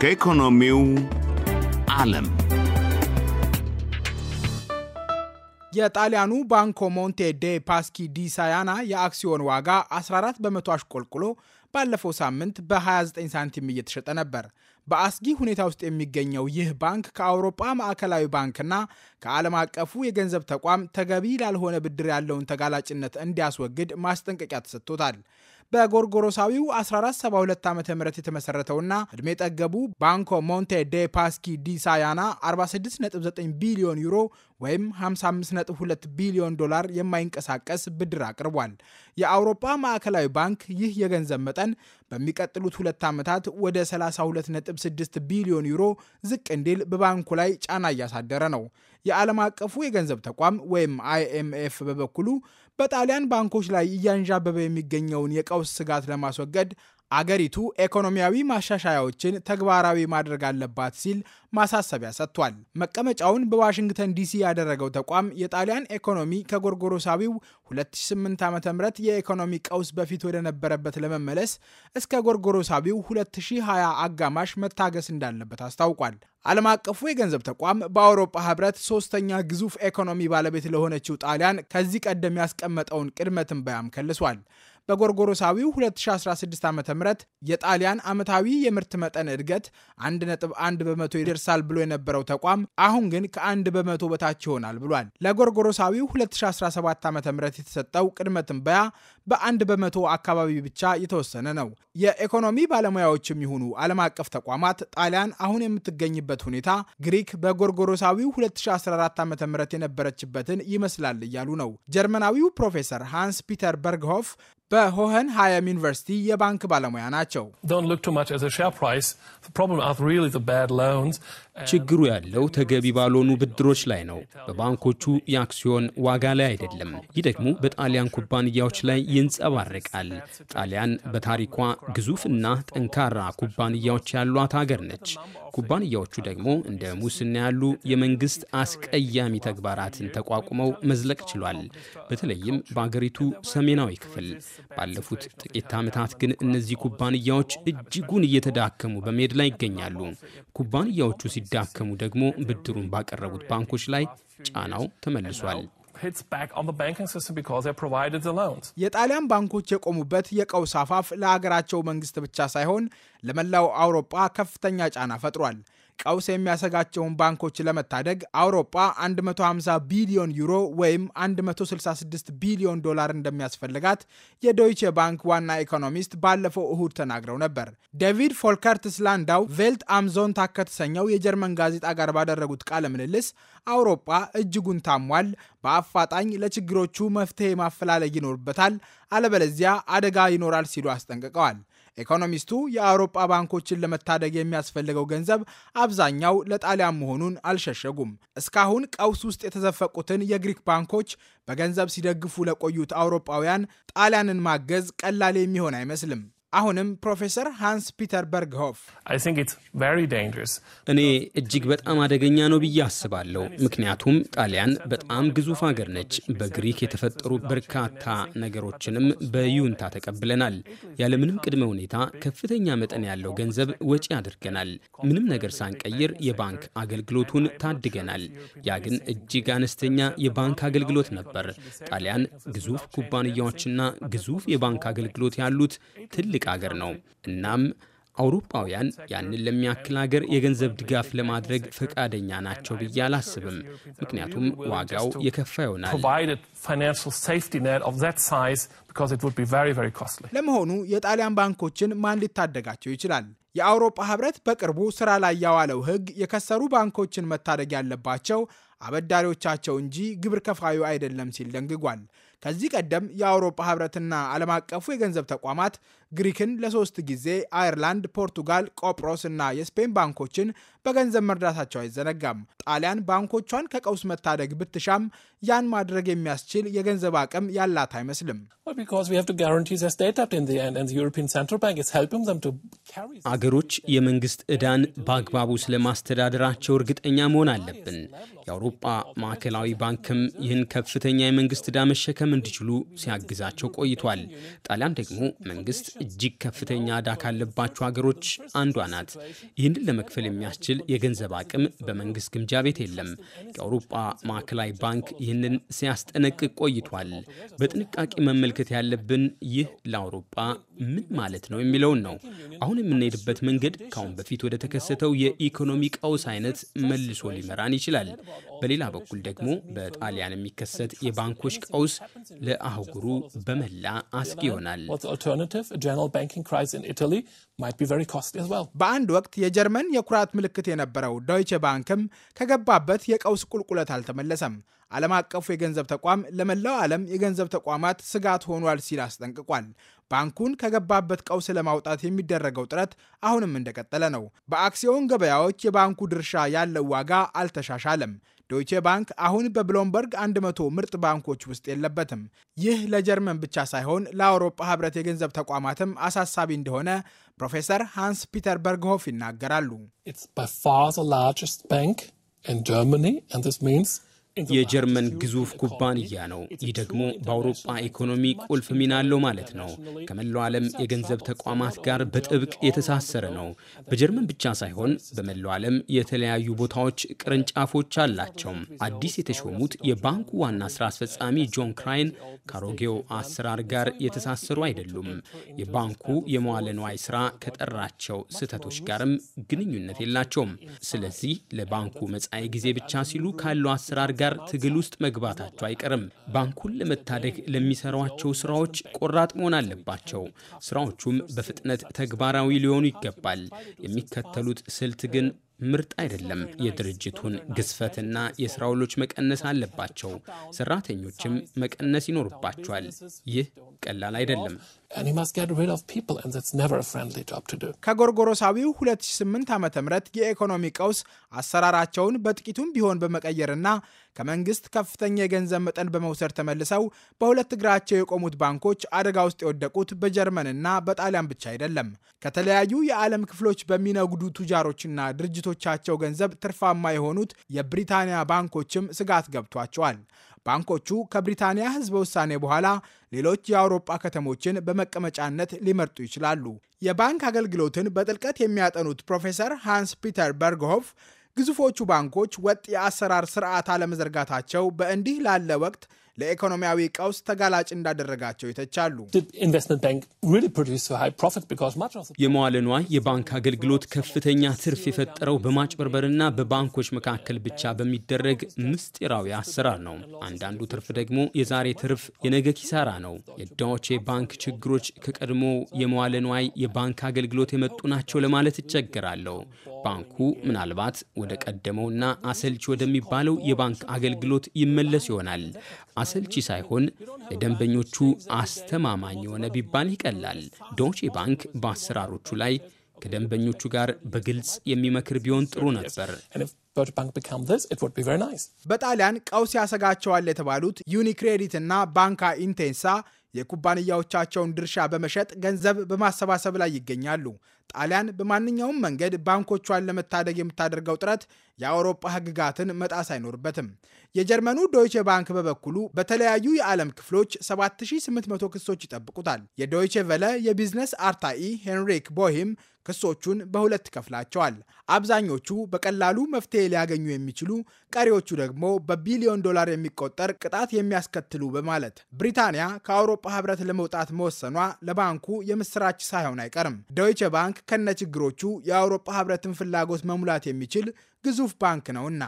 ከኢኮኖሚው ዓለም የጣሊያኑ ባንኮ ሞንቴ ዴ ፓስኪ ዲ ሳያና የአክሲዮን ዋጋ 14 በመቶ አሽቆልቁሎ ባለፈው ሳምንት በ29 ሳንቲም እየተሸጠ ነበር። በአስጊ ሁኔታ ውስጥ የሚገኘው ይህ ባንክ ከአውሮፓ ማዕከላዊ ባንክና ከዓለም አቀፉ የገንዘብ ተቋም ተገቢ ላልሆነ ብድር ያለውን ተጋላጭነት እንዲያስወግድ ማስጠንቀቂያ ተሰጥቶታል። በጎርጎሮሳዊው 1472 ዓ ም የተመሰረተውና ዕድሜ ጠገቡ ባንኮ ሞንቴ ዴ ፓስኪ ዲ ሳያና 469 ቢሊዮን ዩሮ ወይም 552 ቢሊዮን ዶላር የማይንቀሳቀስ ብድር አቅርቧል። የአውሮፓ ማዕከላዊ ባንክ ይህ የገንዘብ መጠን በሚቀጥሉት ሁለት ዓመታት ወደ 326 ቢሊዮን ዩሮ ዝቅ እንዲል በባንኩ ላይ ጫና እያሳደረ ነው። የዓለም አቀፉ የገንዘብ ተቋም ወይም አይኤምኤፍ በበኩሉ በጣሊያን ባንኮች ላይ እያንዣበበ የሚገኘውን የቀውስ ስጋት ለማስወገድ አገሪቱ ኢኮኖሚያዊ ማሻሻያዎችን ተግባራዊ ማድረግ አለባት ሲል ማሳሰቢያ ሰጥቷል። መቀመጫውን በዋሽንግተን ዲሲ ያደረገው ተቋም የጣሊያን ኢኮኖሚ ከጎርጎሮሳዊው 2008 ዓ.ም የኢኮኖሚ ቀውስ በፊት ወደነበረበት ለመመለስ እስከ ጎርጎሮሳዊው 2020 አጋማሽ መታገስ እንዳለበት አስታውቋል። ዓለም አቀፉ የገንዘብ ተቋም በአውሮፓ ህብረት ሶስተኛ ግዙፍ ኢኮኖሚ ባለቤት ለሆነችው ጣሊያን ከዚህ ቀደም ያስቀመጠውን ቅድመ ትንበያም ከልሷል። በጎርጎሮሳዊው 2016 ዓ ም የጣሊያን ዓመታዊ የምርት መጠን እድገት 1.1 በመቶ ይደርሳል ብሎ የነበረው ተቋም አሁን ግን ከአንድ በመቶ በታች ይሆናል ብሏል። ለጎርጎሮሳዊው 2017 ዓ ም የተሰጠው ቅድመ ትንበያ በአንድ በመቶ አካባቢ ብቻ የተወሰነ ነው። የኢኮኖሚ ባለሙያዎችም ይሁኑ ዓለም አቀፍ ተቋማት ጣሊያን አሁን የምትገኝበት ሁኔታ ግሪክ በጎርጎሮሳዊው 2014 ዓ ም የነበረችበትን ይመስላል እያሉ ነው። ጀርመናዊው ፕሮፌሰር ሃንስ ፒተር በርግሆፍ በሆኸን ሃየም ዩኒቨርሲቲ የባንክ ባለሙያ ናቸው። ችግሩ ያለው ተገቢ ባልሆኑ ብድሮች ላይ ነው፣ በባንኮቹ የአክሲዮን ዋጋ ላይ አይደለም። ይህ ደግሞ በጣሊያን ኩባንያዎች ላይ ይንጸባረቃል። ጣሊያን በታሪኳ ግዙፍና ጠንካራ ኩባንያዎች ያሏት ሀገር ነች። ኩባንያዎቹ ደግሞ እንደ ሙስና ያሉ የመንግስት አስቀያሚ ተግባራትን ተቋቁመው መዝለቅ ችሏል። በተለይም በአገሪቱ ሰሜናዊ ክፍል። ባለፉት ጥቂት ዓመታት ግን እነዚህ ኩባንያዎች እጅጉን እየተዳከሙ በመሄድ ላይ ይገኛሉ። ኩባንያዎቹ እንዲዳከሙ ደግሞ ብድሩን ባቀረቡት ባንኮች ላይ ጫናው ተመልሷል። የጣሊያን ባንኮች የቆሙበት የቀውስ አፋፍ ለሀገራቸው መንግስት ብቻ ሳይሆን ለመላው አውሮፓ ከፍተኛ ጫና ፈጥሯል። ቀውስ የሚያሰጋቸውን ባንኮች ለመታደግ አውሮፓ 150 ቢሊዮን ዩሮ ወይም 166 ቢሊዮን ዶላር እንደሚያስፈልጋት የዶይቼ ባንክ ዋና ኢኮኖሚስት ባለፈው እሁድ ተናግረው ነበር። ዴቪድ ፎልከርትስ ላንዳው ቬልት አምዞን ታከተሰኘው የጀርመን ጋዜጣ ጋር ባደረጉት ቃለ ምልልስ አውሮፓ እጅጉን ታሟል፣ በአፋጣኝ ለችግሮቹ መፍትሄ ማፈላለግ ይኖርበታል፣ አለበለዚያ አደጋ ይኖራል ሲሉ አስጠንቅቀዋል። ኢኮኖሚስቱ የአውሮጳ ባንኮችን ለመታደግ የሚያስፈልገው ገንዘብ አብዛኛው ለጣሊያን መሆኑን አልሸሸጉም። እስካሁን ቀውስ ውስጥ የተዘፈቁትን የግሪክ ባንኮች በገንዘብ ሲደግፉ ለቆዩት አውሮጳውያን ጣሊያንን ማገዝ ቀላል የሚሆን አይመስልም። አሁንም ፕሮፌሰር ሃንስ ፒተር በርግሆፍ እኔ እጅግ በጣም አደገኛ ነው ብዬ አስባለሁ። ምክንያቱም ጣሊያን በጣም ግዙፍ ሀገር ነች። በግሪክ የተፈጠሩ በርካታ ነገሮችንም በዩንታ ተቀብለናል። ያለምንም ቅድመ ሁኔታ ከፍተኛ መጠን ያለው ገንዘብ ወጪ አድርገናል። ምንም ነገር ሳንቀይር የባንክ አገልግሎቱን ታድገናል። ያ ግን እጅግ አነስተኛ የባንክ አገልግሎት ነበር። ጣሊያን ግዙፍ ኩባንያዎችና ግዙፍ የባንክ አገልግሎት ያሉት ትልቅ ትልቅ አገር ነው። እናም አውሮፓውያን ያንን ለሚያክል ሀገር የገንዘብ ድጋፍ ለማድረግ ፈቃደኛ ናቸው ብዬ አላስብም። ምክንያቱም ዋጋው የከፋ ይሆናል። ለመሆኑ የጣሊያን ባንኮችን ማን ሊታደጋቸው ይችላል? የአውሮፓ ህብረት በቅርቡ ስራ ላይ ያዋለው ህግ የከሰሩ ባንኮችን መታደግ ያለባቸው አበዳሪዎቻቸው እንጂ ግብር ከፋዩ አይደለም ሲል ደንግጓል። ከዚህ ቀደም የአውሮፓ ህብረትና ዓለም አቀፉ የገንዘብ ተቋማት ግሪክን ለሶስት ጊዜ አየርላንድ፣ ፖርቱጋል፣ ቆጵሮስ እና የስፔን ባንኮችን በገንዘብ መርዳታቸው አይዘነጋም። ጣሊያን ባንኮቿን ከቀውስ መታደግ ብትሻም ያን ማድረግ የሚያስችል የገንዘብ አቅም ያላት አይመስልም። አገሮች የመንግስት ዕዳን በአግባቡ ስለማስተዳደራቸው እርግጠኛ መሆን አለብን። የአውሮፓ ማዕከላዊ ባንክም ይህን ከፍተኛ የመንግስት ዕዳ መሸከም ማከም እንዲችሉ ሲያግዛቸው ቆይቷል። ጣሊያን ደግሞ መንግስት እጅግ ከፍተኛ ዕዳ ካለባቸው ሀገሮች አንዷ ናት። ይህንን ለመክፈል የሚያስችል የገንዘብ አቅም በመንግስት ግምጃ ቤት የለም። የአውሮፓ ማዕከላዊ ባንክ ይህንን ሲያስጠነቅቅ ቆይቷል። በጥንቃቄ መመልከት ያለብን ይህ ለአውሮፓ ምን ማለት ነው የሚለውን ነው። አሁን የምንሄድበት መንገድ ከአሁን በፊት ወደ ተከሰተው የኢኮኖሚ ቀውስ አይነት መልሶ ሊመራን ይችላል። በሌላ በኩል ደግሞ በጣሊያን የሚከሰት የባንኮች ቀውስ ለአህጉሩ በመላ አስጊ ይሆናል። በአንድ ወቅት የጀርመን የኩራት ምልክት የነበረው ዶይቼ ባንክም ከገባበት የቀውስ ቁልቁለት አልተመለሰም። ዓለም አቀፉ የገንዘብ ተቋም ለመላው ዓለም የገንዘብ ተቋማት ስጋት ሆኗል ሲል አስጠንቅቋል። ባንኩን ከገባበት ቀውስ ለማውጣት የሚደረገው ጥረት አሁንም እንደቀጠለ ነው። በአክሲዮን ገበያዎች የባንኩ ድርሻ ያለው ዋጋ አልተሻሻለም። ዶይቼ ባንክ አሁን በብሎምበርግ 100 ምርጥ ባንኮች ውስጥ የለበትም። ይህ ለጀርመን ብቻ ሳይሆን ለአውሮፓ ሕብረት የገንዘብ ተቋማትም አሳሳቢ እንደሆነ ፕሮፌሰር ሃንስ ፒተር በርግሆፍ ይናገራሉ። የጀርመን ግዙፍ ኩባንያ ነው። ይህ ደግሞ በአውሮፓ ኢኮኖሚ ቁልፍ ሚና አለው ማለት ነው። ከመላው ዓለም የገንዘብ ተቋማት ጋር በጥብቅ የተሳሰረ ነው። በጀርመን ብቻ ሳይሆን በመላው ዓለም የተለያዩ ቦታዎች ቅርንጫፎች አላቸው። አዲስ የተሾሙት የባንኩ ዋና ስራ አስፈጻሚ ጆን ክራይን ከአሮጌው አሰራር ጋር የተሳሰሩ አይደሉም። የባንኩ የመዋለ ንዋይ ስራ ከጠራቸው ስህተቶች ጋርም ግንኙነት የላቸውም። ስለዚህ ለባንኩ መጻኢ ጊዜ ብቻ ሲሉ ካለው አሰራር ጋር ጋር ትግል ውስጥ መግባታቸው አይቀርም። ባንኩን ለመታደግ ለሚሰሯቸው ስራዎች ቆራጥ መሆን አለባቸው። ስራዎቹም በፍጥነት ተግባራዊ ሊሆኑ ይገባል። የሚከተሉት ስልት ግን ምርጥ አይደለም። የድርጅቱን ግዝፈትና የስራ ውሎች መቀነስ አለባቸው። ሰራተኞችም መቀነስ ይኖርባቸዋል። ይህ ቀላል አይደለም። ከጎርጎሮሳዊው 2008 ዓ ም የኢኮኖሚ ቀውስ አሰራራቸውን በጥቂቱም ቢሆን በመቀየርና ከመንግስት ከፍተኛ የገንዘብ መጠን በመውሰድ ተመልሰው በሁለት እግራቸው የቆሙት ባንኮች አደጋ ውስጥ የወደቁት በጀርመንና በጣሊያን ብቻ አይደለም። ከተለያዩ የዓለም ክፍሎች በሚነጉዱ ቱጃሮችና ድርጅቶቻቸው ገንዘብ ትርፋማ የሆኑት የብሪታንያ ባንኮችም ስጋት ገብቷቸዋል። ባንኮቹ ከብሪታንያ ህዝበ ውሳኔ በኋላ ሌሎች የአውሮጳ ከተሞችን በመቀመጫነት ሊመርጡ ይችላሉ። የባንክ አገልግሎትን በጥልቀት የሚያጠኑት ፕሮፌሰር ሃንስ ፒተር በርግሆፍ ግዙፎቹ ባንኮች ወጥ የአሰራር ስርዓት አለመዘርጋታቸው በእንዲህ ላለ ወቅት ለኢኮኖሚያዊ ቀውስ ተጋላጭ እንዳደረጋቸው ይተቻሉ። የመዋለ ንዋይ የባንክ አገልግሎት ከፍተኛ ትርፍ የፈጠረው በማጭበርበርና በባንኮች መካከል ብቻ በሚደረግ ምስጢራዊ አሰራር ነው። አንዳንዱ ትርፍ ደግሞ የዛሬ ትርፍ የነገ ኪሳራ ነው። የዳዎቼ ባንክ ችግሮች ከቀድሞ የመዋለ ንዋይ የባንክ አገልግሎት የመጡ ናቸው ለማለት ይቸገራለሁ። ባንኩ ምናልባት ወደ ቀደመውና አሰልቺ ወደሚባለው የባንክ አገልግሎት ይመለስ ይሆናል። አሰልቺ ሳይሆን ለደንበኞቹ አስተማማኝ የሆነ ቢባል ይቀላል። ዶቼ ባንክ በአሰራሮቹ ላይ ከደንበኞቹ ጋር በግልጽ የሚመክር ቢሆን ጥሩ ነበር። በጣሊያን ቀውስ ያሰጋቸዋል የተባሉት ዩኒክሬዲት እና ባንካ ኢንቴንሳ የኩባንያዎቻቸውን ድርሻ በመሸጥ ገንዘብ በማሰባሰብ ላይ ይገኛሉ። ጣሊያን በማንኛውም መንገድ ባንኮቿን ለመታደግ የምታደርገው ጥረት የአውሮፓ ሕግጋትን መጣስ አይኖርበትም። የጀርመኑ ዶይቼ ባንክ በበኩሉ በተለያዩ የዓለም ክፍሎች 7800 ክሶች ይጠብቁታል። የዶይቼ ቨለ የቢዝነስ አርታኢ ሄንሪክ ቦሂም ክሶቹን በሁለት ከፍላቸዋል። አብዛኞቹ በቀላሉ መፍትሄ ሊያገኙ የሚችሉ፣ ቀሪዎቹ ደግሞ በቢሊዮን ዶላር የሚቆጠር ቅጣት የሚያስከትሉ በማለት ብሪታንያ ከአውሮፓ ህብረት ለመውጣት መወሰኗ ለባንኩ የምስራች ሳይሆን አይቀርም። ዶይቼ ባንክ ባንክ ከነችግሮቹ የአውሮፓ ህብረትን ፍላጎት መሙላት የሚችል ግዙፍ ባንክ ነውና